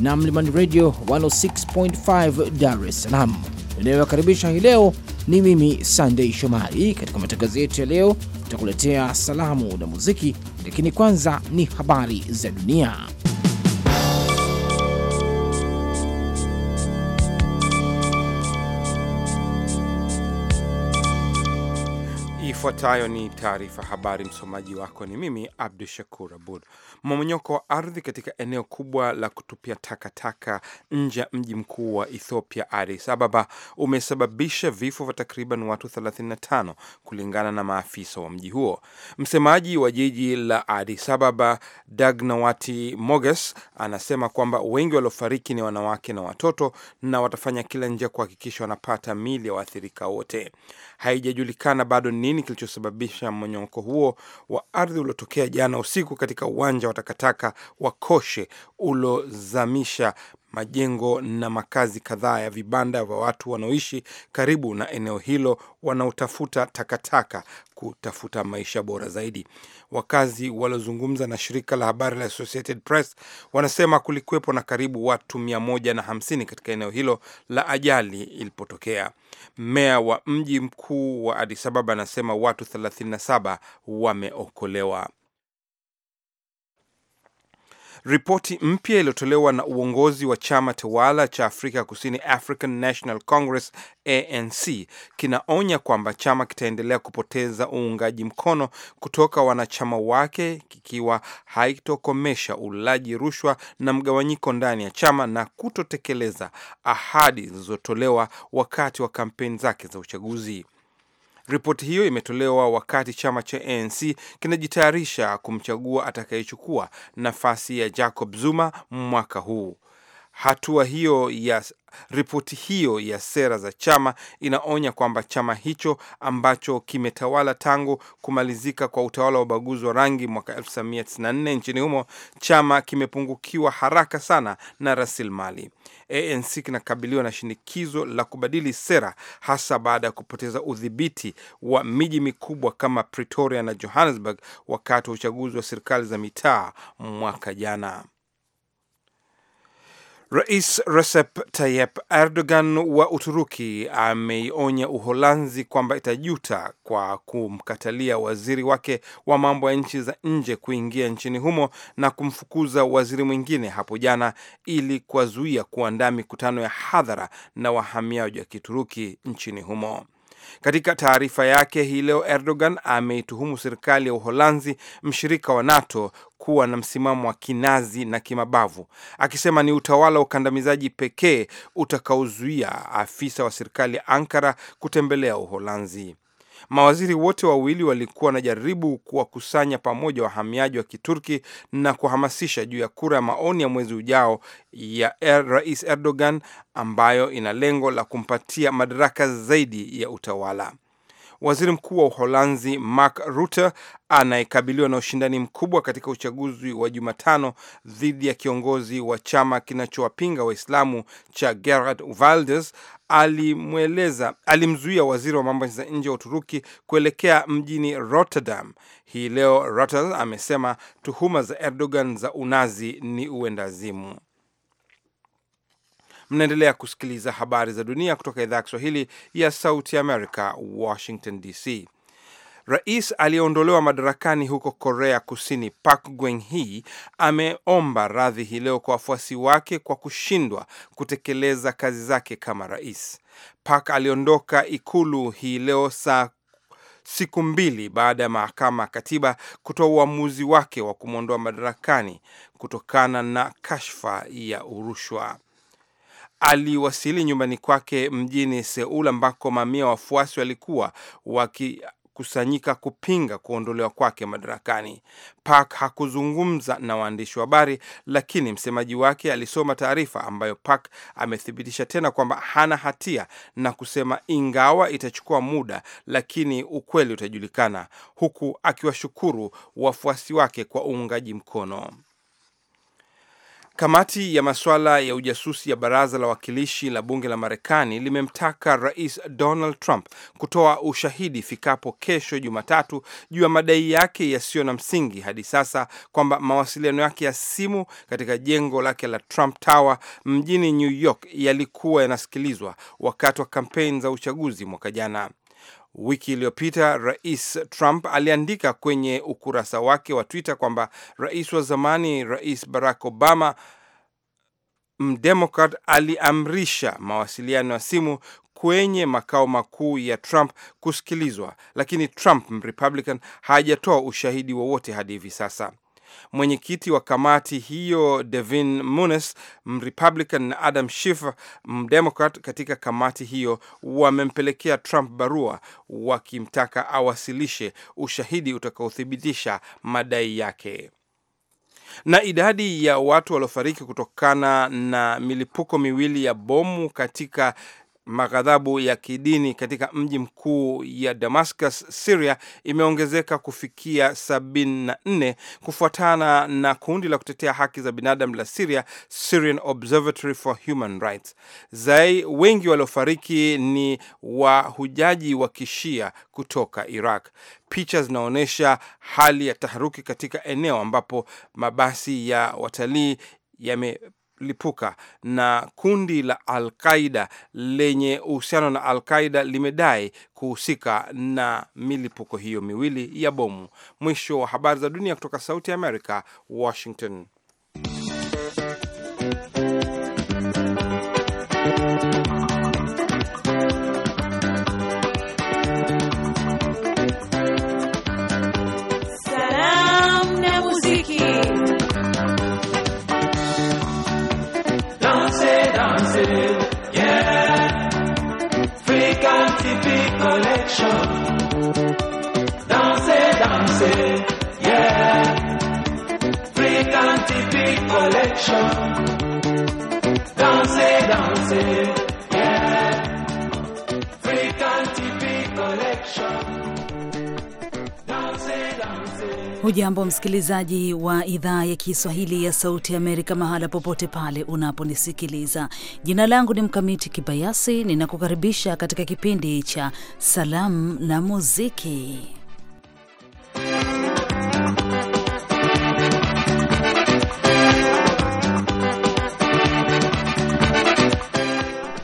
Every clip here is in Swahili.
na Mlimani Radio 106.5 Dar es Salaam. Inayowakaribisha hii leo ni mimi Sandei Shomari. Katika matangazo yetu ya leo, tutakuletea salamu na muziki, lakini kwanza ni habari za dunia. Ifuatayo ni taarifa habari. Msomaji wako ni mimi Abdu Shakur Abud. Mmomonyoko wa ardhi katika eneo kubwa la kutupia takataka nje ya mji mkuu wa Ethiopia, Addis Ababa, umesababisha vifo vya takriban watu 35 kulingana na maafisa wa mji huo. Msemaji wa jiji la Addis Ababa, Dagnawati Moges, anasema kwamba wengi waliofariki ni wanawake na watoto na watafanya kila njia kuhakikisha wanapata mili ya waathirika wote. Haijajulikana bado nini kilichosababisha mmonyoko huo wa ardhi uliotokea jana usiku katika uwanja wa takataka wa Koshe uliozamisha majengo na makazi kadhaa ya vibanda vya watu wanaoishi karibu na eneo hilo wanaotafuta takataka kutafuta maisha bora zaidi. Wakazi waliozungumza na shirika la habari la Associated Press wanasema kulikuwepo na karibu watu 150 katika eneo hilo la ajali ilipotokea. Meya wa mji mkuu wa Addis Ababa anasema watu 37 wameokolewa. Ripoti mpya iliyotolewa na uongozi wa chama tawala cha Afrika Kusini, African National Congress, ANC, kinaonya kwamba chama kitaendelea kupoteza uungaji mkono kutoka wanachama wake kikiwa haitokomesha ulaji rushwa na mgawanyiko ndani ya chama na kutotekeleza ahadi zilizotolewa wakati wa kampeni zake za uchaguzi. Ripoti hiyo imetolewa wakati chama cha ANC kinajitayarisha kumchagua atakayechukua nafasi ya Jacob Zuma mwaka huu. Hatua hiyo ya ripoti hiyo ya sera za chama inaonya kwamba chama hicho ambacho kimetawala tangu kumalizika kwa utawala wa ubaguzi wa rangi mwaka 1994 nchini humo, chama kimepungukiwa haraka sana na rasilimali. ANC kinakabiliwa na shinikizo la kubadili sera, hasa baada ya kupoteza udhibiti wa miji mikubwa kama Pretoria na Johannesburg wakati wa uchaguzi wa serikali za mitaa mwaka jana. Rais Recep Tayyip Erdogan wa Uturuki ameionya Uholanzi kwamba itajuta kwa kumkatalia waziri wake wa mambo ya nchi za nje kuingia nchini humo na kumfukuza waziri mwingine hapo jana ili kuwazuia kuandaa mikutano ya hadhara na wahamiaji wa Kituruki nchini humo. Katika taarifa yake hii leo, Erdogan ameituhumu serikali ya Uholanzi, mshirika wa NATO, kuwa na msimamo wa kinazi na kimabavu, akisema ni utawala wa ukandamizaji pekee utakaozuia afisa wa serikali ya Ankara kutembelea Uholanzi. Mawaziri wote wawili walikuwa wanajaribu kuwakusanya pamoja wahamiaji wa Kiturki na kuhamasisha juu ya kura ya maoni ya mwezi ujao ya er, Rais Erdogan ambayo ina lengo la kumpatia madaraka zaidi ya utawala. Waziri Mkuu wa Uholanzi Mark Rutte anayekabiliwa na ushindani mkubwa katika uchaguzi wa Jumatano dhidi ya kiongozi wa chama kinachowapinga Waislamu cha Geert Wilders alimweleza alimzuia waziri wa mambo za nje wa Uturuki kuelekea mjini Rotterdam hii leo. Reuters amesema tuhuma za Erdogan za unazi ni uendazimu. Mnaendelea kusikiliza habari za dunia kutoka idhaa ya Kiswahili ya Sauti America, Washington DC. Rais aliyeondolewa madarakani huko Korea Kusini Park Geun-hye ameomba radhi hii leo kwa wafuasi wake kwa kushindwa kutekeleza kazi zake kama rais. Park aliondoka ikulu hii leo saa siku mbili baada ya mahakama ya katiba kutoa uamuzi wake wa kumwondoa madarakani kutokana na kashfa ya urushwa. Aliwasili nyumbani kwake mjini Seul ambako mamia wafuasi walikuwa waki kusanyika kupinga kuondolewa kwake madarakani. Park hakuzungumza na waandishi wa habari, lakini msemaji wake alisoma taarifa ambayo Park amethibitisha tena kwamba hana hatia na kusema ingawa itachukua muda, lakini ukweli utajulikana, huku akiwashukuru wafuasi wake kwa uungaji mkono. Kamati ya masuala ya ujasusi ya baraza la wakilishi la bunge la Marekani limemtaka Rais Donald Trump kutoa ushahidi ifikapo kesho Jumatatu juu ya madai yake yasiyo na msingi hadi sasa kwamba mawasiliano yake ya simu katika jengo lake la Trump Tower mjini New York yalikuwa yanasikilizwa wakati wa kampeni za uchaguzi mwaka jana. Wiki iliyopita Rais Trump aliandika kwenye ukurasa wake wa Twitter kwamba rais wa zamani, Rais Barack Obama, mdemokrat, aliamrisha mawasiliano ya simu kwenye makao makuu ya Trump kusikilizwa, lakini Trump mrepublican hajatoa ushahidi wowote hadi hivi sasa. Mwenyekiti wa kamati hiyo Devin Munes, Mrepublican, na Adam Schiff, Mdemokrat, katika kamati hiyo wamempelekea Trump barua wakimtaka awasilishe ushahidi utakaothibitisha madai yake na idadi ya watu waliofariki kutokana na milipuko miwili ya bomu katika maghadhabu ya kidini katika mji mkuu ya Damascus, Syria imeongezeka kufikia 74 kufuatana na kundi la kutetea haki za binadamu la Syria, Syrian Observatory for Human Rights. Zai wengi waliofariki ni wahujaji wa Kishia kutoka Iraq. Picha zinaonyesha hali ya taharuki katika eneo ambapo mabasi ya watalii yame lipuka na kundi la Al-Qaida lenye uhusiano na Al-Qaida limedai kuhusika na milipuko hiyo miwili ya bomu. Mwisho wa habari za dunia kutoka Sauti ya Amerika, Washington. Hujambo msikilizaji wa idhaa ya Kiswahili ya Sauti Amerika, mahala popote pale unaponisikiliza. Jina langu ni Mkamiti Kibayasi, ninakukaribisha katika kipindi cha Salamu na Muziki.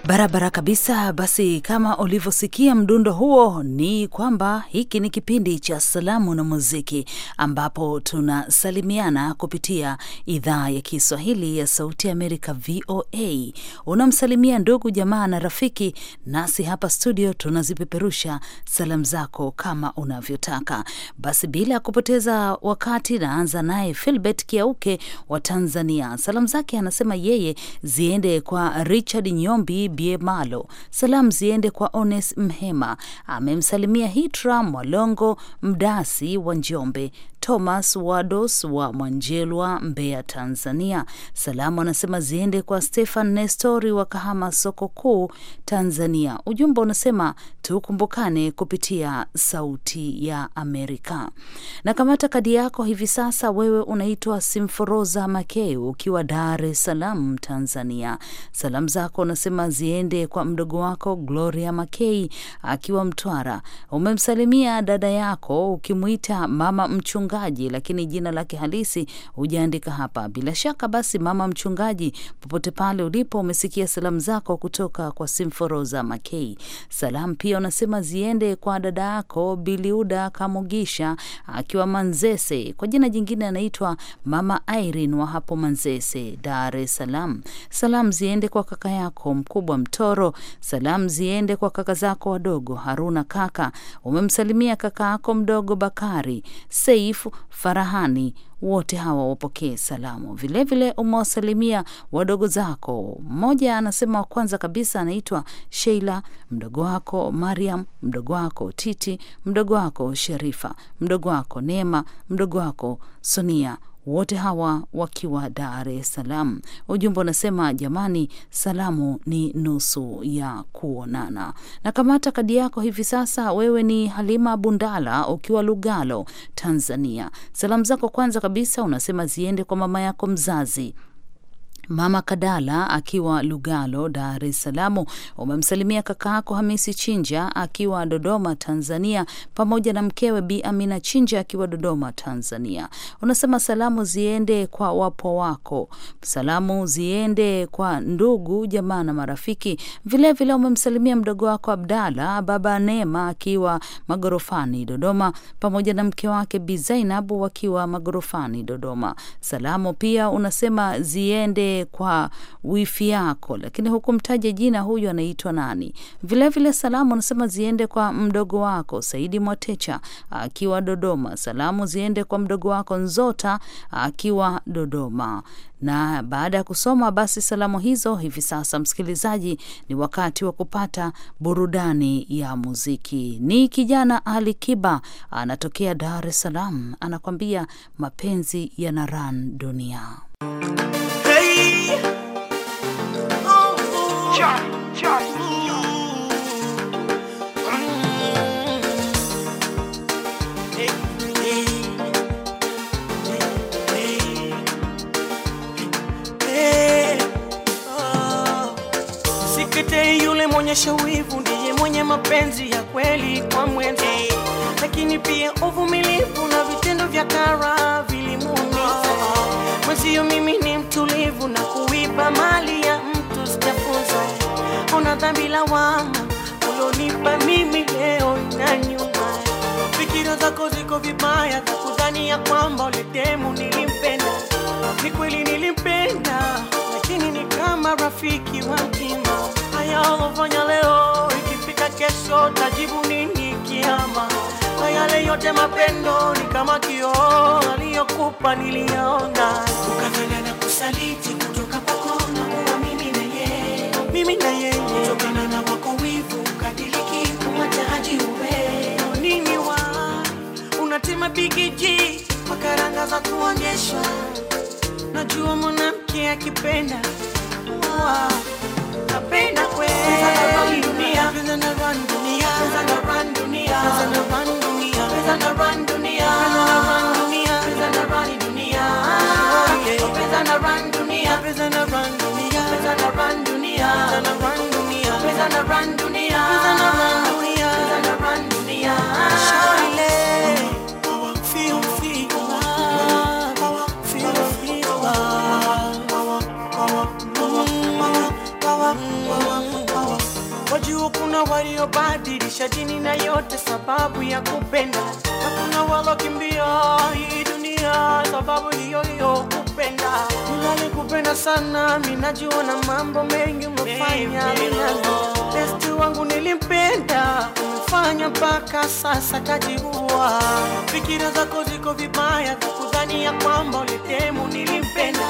Barabara kabisa. Basi kama ulivyosikia mdundo huo, ni kwamba hiki ni kipindi cha salamu na muziki ambapo tunasalimiana kupitia idhaa ya Kiswahili ya Sauti ya Amerika, VOA. Unamsalimia ndugu jamaa na rafiki, nasi hapa studio tunazipeperusha salamu zako kama unavyotaka. Basi bila ya kupoteza wakati, naanza naye Filbert Kiauke wa Tanzania. Salamu zake anasema yeye ziende kwa Richard Nyombi Bie Malo. Salamu ziende kwa Ones Mhema, amemsalimia Hitra Mwalongo Mdasi wa Njombe Thomas Wados wa Mwanjelwa, Mbeya, Tanzania. Salamu anasema ziende kwa Stefan Nestori wa Kahama, soko kuu, Tanzania. Ujumbe unasema tukumbukane kupitia Sauti ya Amerika. Na kamata kadi yako hivi sasa, wewe unaitwa Simforoza Makeu ukiwa Dar es Salaam, Tanzania. Salamu zako unasema ziende kwa mdogo wako Gloria Makei akiwa Mtwara. Umemsalimia dada yako ukimwita mama mchunga mchungaji, lakini jina lake halisi hujaandika hapa. Bila shaka basi, mama mchungaji, popote pale ulipo, umesikia salamu zako kutoka kwa Simforoza Makei. Salamu pia unasema ziende kwa dada yako Biliuda Kamugisha akiwa Manzese, kwa jina jingine anaitwa Mama Irene wa hapo Manzese, Dar es Salaam. Salamu ziende kwa kaka yako mkubwa Mtoro. Salamu ziende kwa kaka zako wadogo Haruna kaka, umemsalimia kaka yako mdogo Bakari Seif Maarufu Farahani, wote hawa wapokee salamu. Vilevile umewasalimia wadogo zako. Mmoja anasema wa kwanza kabisa anaitwa Sheila, mdogo wako Mariam, mdogo wako Titi, mdogo wako Sherifa, mdogo wako Neema, mdogo wako Sonia wote hawa wakiwa Dar es Salaam. Ujumbe unasema jamani, salamu ni nusu ya kuonana. Na kamata kadi yako hivi sasa. Wewe ni Halima Bundala ukiwa Lugalo, Tanzania. Salamu zako kwanza kabisa unasema ziende kwa mama yako mzazi Mama Kadala akiwa Lugalo, Dar es Salamu, Umemsalimia kakaako Hamisi Chinja akiwa Dodoma, Tanzania, pamoja na mkewe Bi Amina Chinja akiwa Dodoma, Tanzania. Unasema salamu ziende kwa wapo wako, salamu ziende kwa ndugu jamaa na marafiki. Vilevile umemsalimia mdogo wako Abdala baba Neema akiwa Magorofani, Dodoma, pamoja na mke wake Bi Zainabu wakiwa Magorofani, Dodoma. Salamu pia unasema ziende kwa wifi yako, lakini hukumtaja jina, huyu anaitwa nani. Vilevile salamu anasema ziende kwa mdogo wako Saidi Mwatecha akiwa Dodoma. Salamu ziende kwa mdogo wako Nzota akiwa Dodoma. Na baada ya kusoma basi salamu hizo, hivi sasa, msikilizaji, ni wakati wa kupata burudani ya muziki. Ni kijana Ali Kiba anatokea Dar es Salaam, anakwambia mapenzi yana ran dunia me. hapa niliona, tukafanya na kusaliti kutoka kwako na kuwa mimi na ye mimi na ye kutokana na wako wivu kadiliki kumataji uwe nini wa unatema bigiji makaranga za kuonyesha, najua mwanamke akipenda wow. napenda kwe dunia waliobadilisha dini na yote sababu ya kupenda, na walokimbia hii dunia sababu hiyo hiyo kupenda. Unanikupenda sana, minajua na mambo mengi umefanya minalo Besti wangu nilimpenda, umfanya mpaka sasa kajiua. Fikira zako ziko vibaya, ya kwamba ulitemu. Nilimpenda,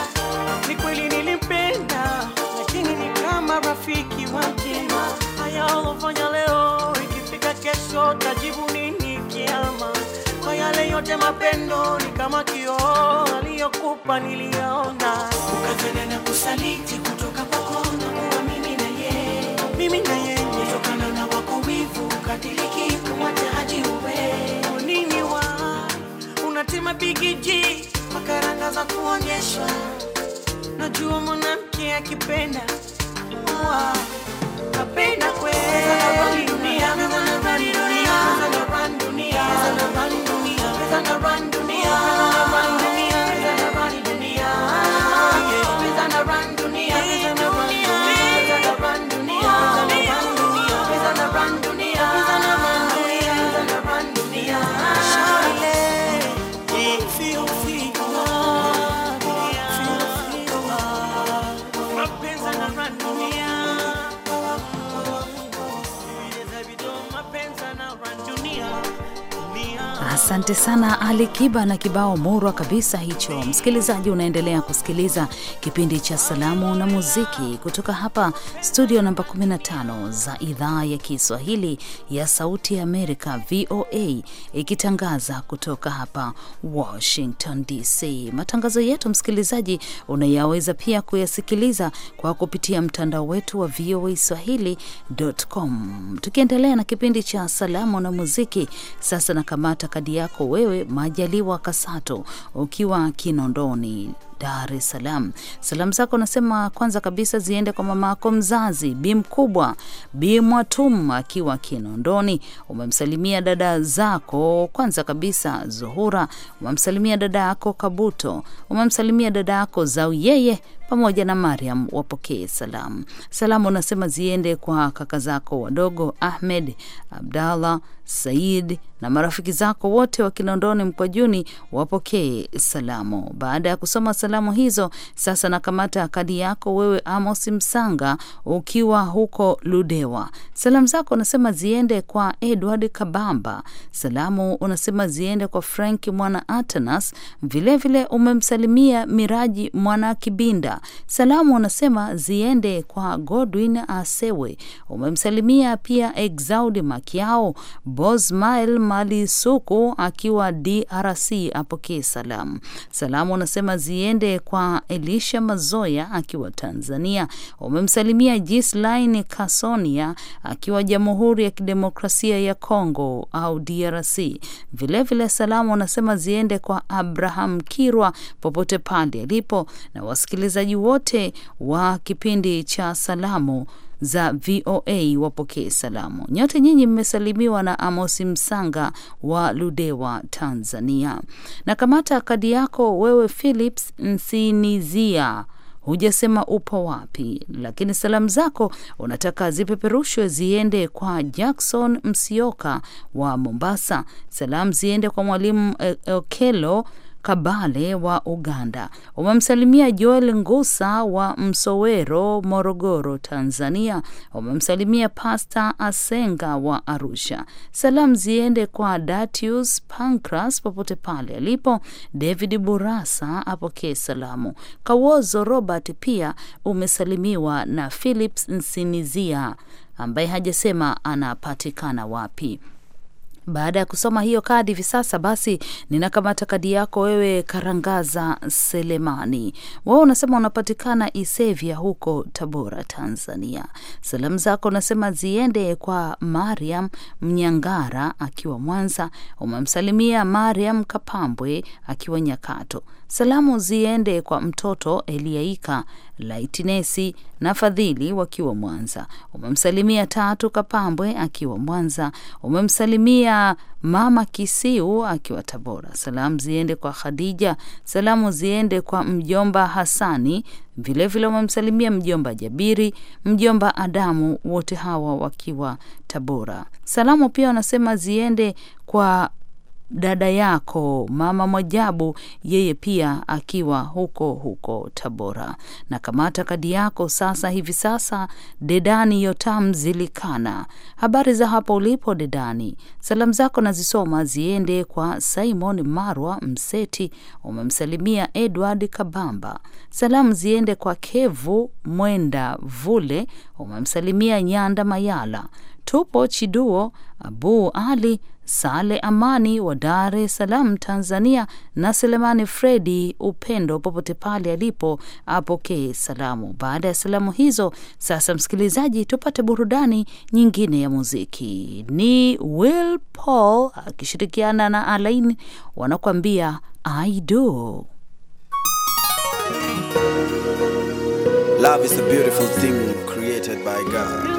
ni kweli nilimpenda, lakini ni kama rafiki wa mtima. Haya ulofanya leo, ikifika kesho tajibu nini kiama? Kwa yale yote mapendo ni kama kioo aliyokupa, niliyaona ukazenena kusaliti kutoka mimi na yeye kutokana na wako wivu kadiliki haji uwe nini wa unatema bigiji makaranga za kuonyeshwa najua mwanamke akipenda kapenda Asante sana Ali Kiba na kibao murwa kabisa hicho. Msikilizaji, unaendelea kusikiliza kipindi cha Salamu na Muziki kutoka hapa studio namba 15 za idhaa ya Kiswahili ya Sauti ya Amerika, VOA, ikitangaza kutoka hapa Washington DC. Matangazo yetu, msikilizaji, unayaweza pia kuyasikiliza kwa kupitia mtandao wetu wa VOA Swahili.com. Tukiendelea na kipindi cha Salamu na Muziki, sasa nakamata kadi yako wako wewe Majaliwa Kasato ukiwa Kinondoni Dar es Salaam. Salamu zako nasema kwanza kabisa ziende kwa mama yako mzazi Bi Mkubwa, Bi Mwatum akiwa Kinondoni. Umemsalimia dada zako kwanza kabisa Zuhura, umemsalimia dada yako Kabuto, umemsalimia dada yako yeye pamoja na Mariam wapokee salamu. Salamu unasema ziende kwa kaka zako wadogo Ahmed, Abdallah, Said na marafiki zako wote wa Kinondoni Mkwajuni wapokee salamu. Baada ya kusoma salamu hizo. Sasa nakamata kadi yako wewe, Amos Msanga, ukiwa huko Ludewa. Salamu zako unasema ziende kwa Edward Kabamba, salamu unasema ziende kwa Frank Mwana Atanas, vilevile umemsalimia Miraji Mwana Kibinda. Salamu unasema ziende kwa Godwin Asewe, umemsalimia pia Exaudi Makiao, Bosmael Malisuku akiwa DRC apokee salamu. Salamu unasema ziende twende kwa Elisha Mazoya akiwa Tanzania. Wamemsalimia Gislaine Kasonia akiwa Jamhuri ya Kidemokrasia ya Kongo au DRC. Vilevile salamu wanasema ziende kwa Abraham Kirwa popote pale alipo na wasikilizaji wote wa kipindi cha salamu za VOA wapokee salamu. Nyote nyinyi mmesalimiwa na Amosi Msanga wa Ludewa, Tanzania. Na kamata kadi yako wewe, Philips Nsinizia hujasema upo wapi, lakini salamu zako unataka zipeperushwe ziende kwa Jackson Msioka wa Mombasa. Salamu ziende kwa Mwalimu eh, Okelo Kabale wa Uganda wamemsalimia Joel Ngusa wa Msowero, Morogoro, Tanzania. Wamemsalimia Pasta Asenga wa Arusha. Salamu ziende kwa Datius Pancras popote pale alipo. David Burasa apokee salamu. Kawozo Robert pia umesalimiwa na Philips Nsinizia ambaye hajasema anapatikana wapi. Baada ya kusoma hiyo kadi hivi sasa, basi ninakamata kadi yako wewe, Karangaza Selemani, wewe unasema unapatikana Isevya huko Tabora, Tanzania. Salamu zako unasema ziende kwa Mariam Mnyangara akiwa Mwanza, umemsalimia Mariam Kapambwe akiwa Nyakato. Salamu ziende kwa mtoto Eliaika Laitinesi na Fadhili wakiwa Mwanza. Umemsalimia Tatu Kapambwe akiwa Mwanza. Umemsalimia Mama Kisiu akiwa Tabora. Salamu ziende kwa Khadija. Salamu ziende kwa mjomba Hasani. Vilevile umemsalimia mjomba Jabiri, mjomba Adamu, wote hawa wakiwa Tabora. Salamu pia wanasema ziende kwa dada yako Mama Mwajabu, yeye pia akiwa huko huko Tabora. Na kamata kadi yako sasa hivi sasa. Dedani Yotam Zilikana, habari za hapo ulipo Dedani? Salamu zako nazisoma ziende kwa Simon Marwa Mseti, umemsalimia Edward Kabamba. Salamu ziende kwa Kevu Mwenda Vule, umemsalimia Nyanda Mayala, tupo Chiduo Abu Ali Sale Amani wa Dar es Salaam, Tanzania, na Selemani Fredi Upendo popote pale alipo apokee salamu. Baada ya salamu hizo, sasa msikilizaji, tupate burudani nyingine ya muziki. Ni Will Paul akishirikiana na Alain wanakuambia I do. Love is a beautiful thing created by God.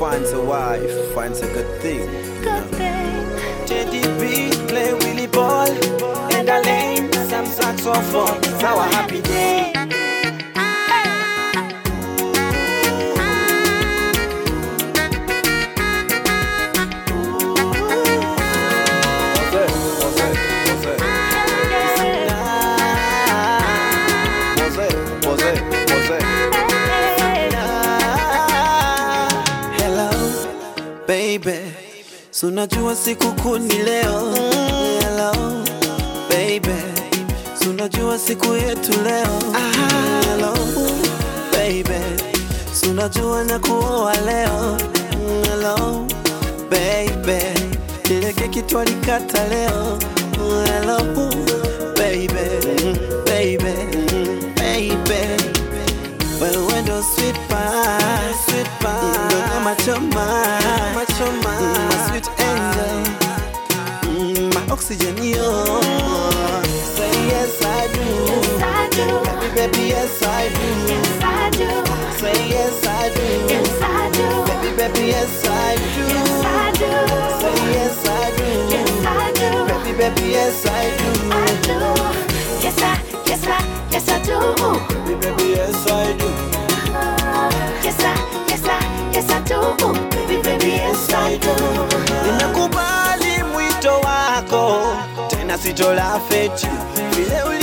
finds a wife, finds a good thing. Good thing. JDB, play Willy Ball, and I lane, Some so fun. It's our happy day. Sunajua siku kuu ni leo Hello, Baby, sunajua siku yetu leo Hello, baby, sunajua na kuoa leo Hello, baby, ile keki twalikata leo Hello, baby, baby, baby Well, when do sweet pie, sweet pie, mm, my choma, my choma, mm, my sweet angel, my oxygen, yo. Say yes I do, baby, baby, yes I do, Say yes I do, baby, baby, yes I do, Say yes I do, yes I do, baby, baby, yes I do, I do. Yes I, yes I, yes I do, baby, baby, yes I do. Nimekubali mwito wako, tena sitolafeti vile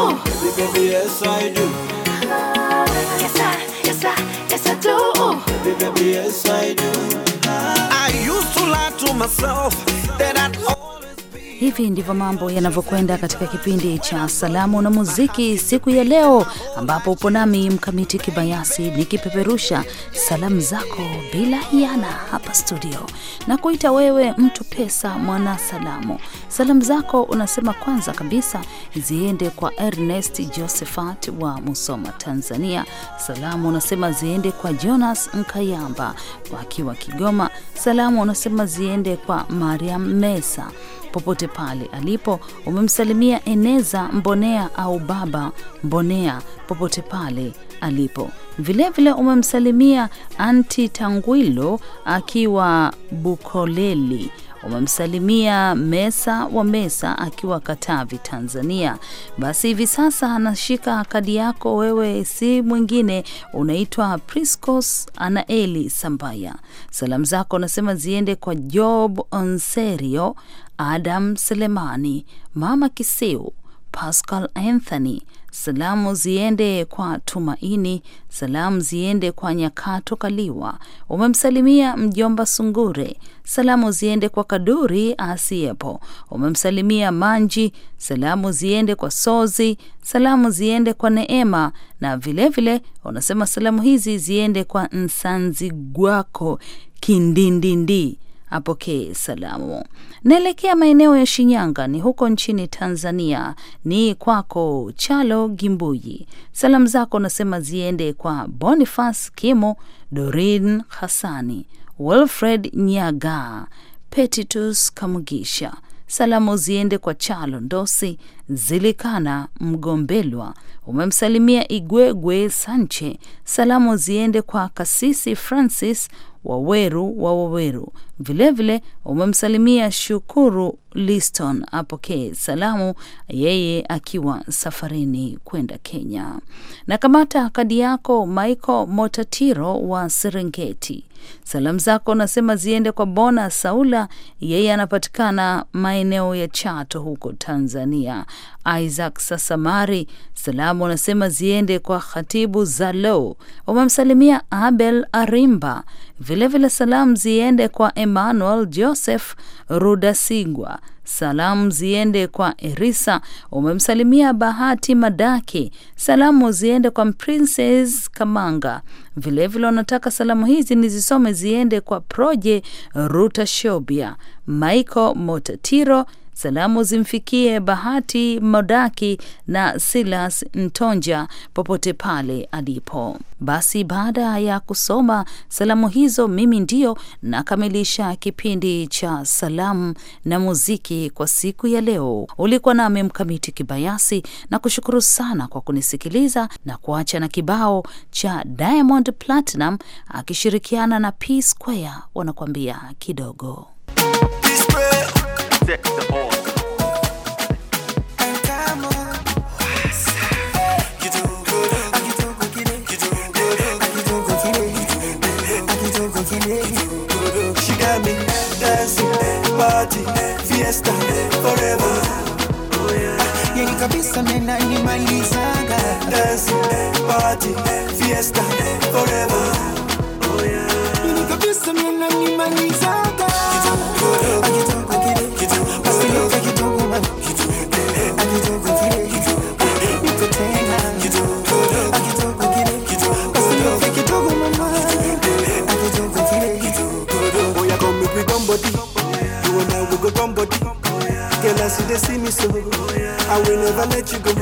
Baby, baby, yes I do. yes I, yes I, yes I do. Baby, baby, yes I do. I used to lie to myself hivi ndivyo mambo yanavyokwenda katika kipindi cha salamu na muziki siku ya leo, ambapo upo nami Mkamiti Kibayasi nikipeperusha salamu zako bila hiana hapa studio na kuita wewe mtu pesa mwana salamu. Salamu zako unasema kwanza kabisa ziende kwa Ernest Josephat wa Musoma, Tanzania. Salamu unasema ziende kwa Jonas Nkayamba wakiwa Kigoma. Salamu unasema ziende kwa Mariam Mesa popote pale alipo. Umemsalimia Eneza Mbonea au Baba Mbonea popote pale alipo. Vilevile umemsalimia Anti Tangwilo akiwa Bukoleli wamemsalimia Mesa wa Mesa akiwa Katavi, Tanzania. Basi hivi sasa anashika kadi yako wewe, si mwingine unaitwa Priscos Anaeli Sambaya. Salamu zako unasema ziende kwa Job Onserio, Adam Selemani, Mama Kiseu Pascal Anthony, salamu ziende kwa Tumaini, salamu ziende kwa Nyakato Kaliwa, umemsalimia mjomba Sungure, salamu ziende kwa Kaduri Asiepo, umemsalimia Manji, salamu ziende kwa Sozi, salamu ziende kwa Neema na vilevile vile, unasema salamu hizi ziende kwa nsanzi gwako Kindindindi apokee salamu. Naelekea maeneo ya Shinyanga, ni huko nchini Tanzania. Ni kwako Chalo Gimbuyi, salamu zako nasema ziende kwa bonifas Kimo, Dorin Hasani, Wilfred Nyaga, Petitus Kamugisha. Salamu ziende kwa Chalo Ndosi Zilikana Mgombelwa, umemsalimia Igwegwe Sanche. Salamu ziende kwa Kasisi Francis Waweru wa Waweru, Vilevile umemsalimia Shukuru Liston apokee salamu, yeye akiwa safarini kwenda Kenya. Na kamata kadi yako Michael Motatiro wa Serengeti. Salamu zako nasema ziende kwa Bona Saula, yeye anapatikana maeneo ya Chato huko Tanzania. Isaac Sasamari, salamu anasema ziende kwa Khatibu Zalo, umemsalimia Abel Arimba. Vilevile salamu ziende kwa M Emmanuel Joseph Rudasingwa. Salamu ziende kwa Erisa, umemsalimia Bahati Madaki. Salamu ziende kwa Princess Kamanga. Vilevile unataka salamu hizi nizisome ziende kwa Proje Ruta Shobia, Michael Motatiro Salamu zimfikie Bahati Modaki na Silas Ntonja popote pale alipo. Basi baada ya kusoma salamu hizo, mimi ndio nakamilisha kipindi cha salamu na muziki kwa siku ya leo. Ulikuwa nami Mkamiti Kibayasi na kushukuru sana kwa kunisikiliza na kuacha na kibao cha Diamond Platinum akishirikiana na P Square wanakuambia kidogo P sex the She got me dancing, party, fiesta, forever. Oh yeah. You kabisa mena nimalizaga. party, fiesta, forever. Oh yeah. see me so I will never let you go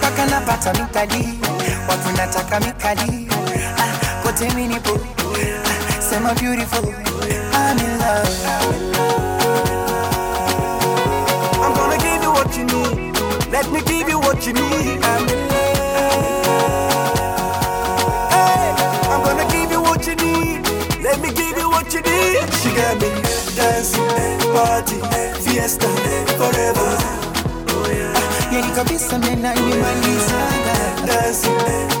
Paka napata mikadi Watu nataka mikadi ah, Kote minipo ah, Sema beautiful I'm in love I'm gonna give you what you need Let me give you what you need Fiesta forever. Oh yeah. You be Yeni kabisa menanimaliza Dance,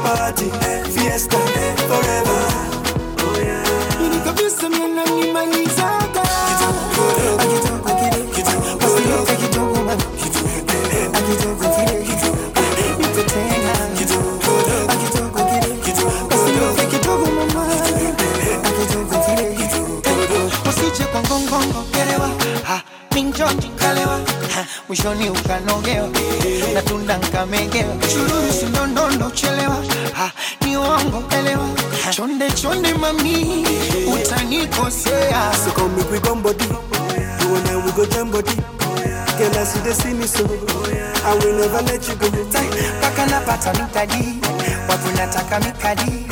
party fiesta forever. Oh yeah. You be Yeni kabisa menanimaliza mwishoni ukanogewa na tunda nkamegewa, suluhisho ndondo chelewa, ha, ni uongo elewa, chonde chonde mami, utanikosea so call me quick on body, you and we go jam body. Girl, I see they so I will never let you go Paka napata mikadi Watu nataka mikadi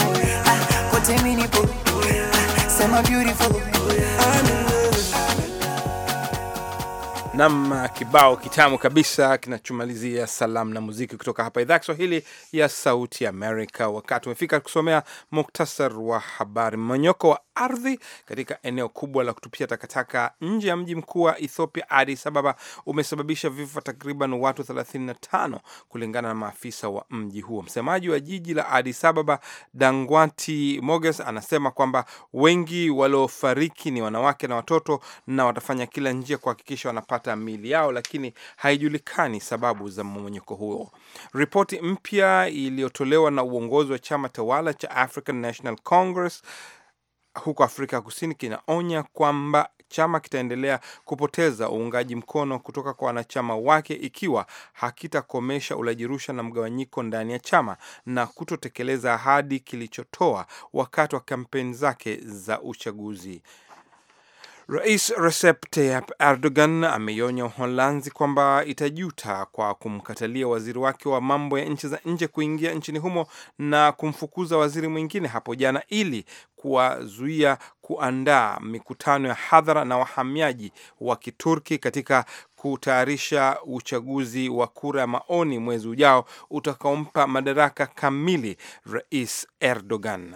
Kote minipo ah, Sema beautiful Nam kibao kitamu kabisa kinachomalizia salamu na muziki kutoka hapa idhaa ya Kiswahili ya Sauti Amerika. Wakati umefika kusomea muktasar wa habari. Mmonyoko wa ardhi katika eneo kubwa la kutupia takataka nje ya mji mkuu wa Ethiopia, Addis Ababa, umesababisha vifo takriban watu 35 kulingana na maafisa wa mji huo. Msemaji wa jiji la Addis Ababa, Dangwati Moges, anasema kwamba wengi waliofariki ni wanawake na watoto na watafanya kila njia kuhakikisha wanapata kupata miili yao, lakini haijulikani sababu za mmomonyoko huo. Ripoti mpya iliyotolewa na uongozi wa chama tawala cha African National Congress huko Afrika Kusini kinaonya kwamba chama kitaendelea kupoteza uungaji mkono kutoka kwa wanachama wake ikiwa hakitakomesha ulaji rushwa na mgawanyiko ndani ya chama na kutotekeleza ahadi kilichotoa wakati wa kampeni zake za uchaguzi. Rais Recep Tayyip Erdogan ameionya Uholanzi kwamba itajuta kwa kumkatalia waziri wake wa mambo ya nchi za nje kuingia nchini humo na kumfukuza waziri mwingine hapo jana ili kuwazuia kuandaa mikutano ya hadhara na wahamiaji wa Kiturki katika kutayarisha uchaguzi wa kura ya maoni mwezi ujao utakaompa madaraka kamili Rais Erdogan.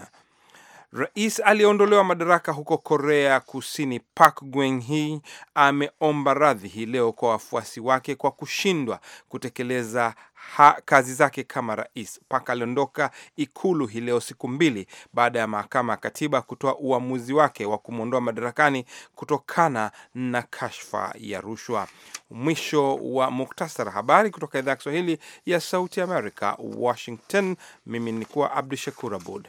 Rais aliyeondolewa madaraka huko Korea Kusini Park Geun-hye ameomba radhi hii leo kwa wafuasi wake kwa kushindwa kutekeleza ha kazi zake kama rais. Park aliondoka ikulu hii leo siku mbili baada ya mahakama ya katiba kutoa uamuzi wake wa kumwondoa madarakani kutokana na kashfa ya rushwa. Mwisho wa muktasar habari kutoka idhaa ya Kiswahili ya Sauti Amerika, Washington. Mimi nikuwa Abdu Shakur Abud.